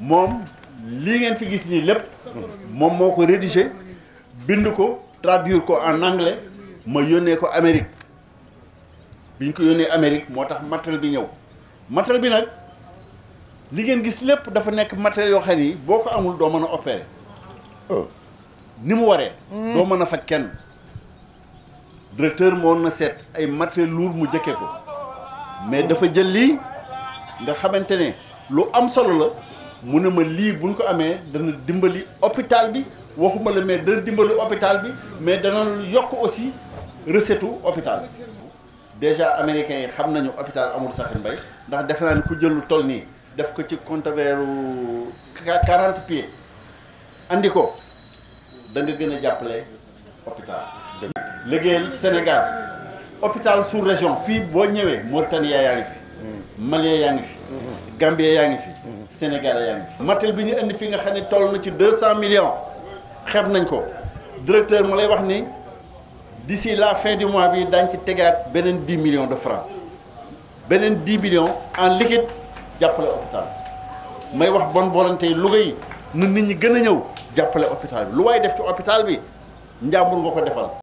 moom lii ngeen fi gis nii lépp moom moo ko rédigé bind ko traduire ko en anglais ma yónnee ko Amérique bi ko yónnee amerique moo tax matériel bi ñëw matériel bi nag li ngeen gis lépp dafa nekk matériel yoo xam yi boo ko amul doo mën a opérer euh, ni mu waree mm. doo mën a faj kenn directeur moom na seet ay matériel lourd mu jëkkee ko mais dafa jël li nga xamante ne lu am solo la mu ne ma lii buñ ko amee dana dimbali hôpital bi waxuma la mais dana dimbali hôpital bi mais dana yokk aussi recette u hôpital déjà américains yi xam nañu hôpital amul Sakhir Mbaye ndax def naa ni ku jël toll nii def ko ci conteneur 40 pieds andi ko da gën a jàppale hôpital. liggéeyal Sénégal hôpital sous région fii boo ñëwee Mauritanie yaa ngi fi. Malien yaa ngi fi. Gambien yaa ngi fi. Mm-hmm. Sénégal yaa ngi fi. matériel bi ñu indi fi nga xam ne toll na ci deux cent millions xeeb nañ ko directeur mu lay wax ni d'ici la fin de mois bi daañ ci tegaat beneen dix million de francs beneen dix million en liquide jàppale hôpital may wax bon volonté yi Louga yi na nit ñi gën a ñëw jàppale hôpital bi lu waay def ci hôpital bi njàmbur nga ko defal.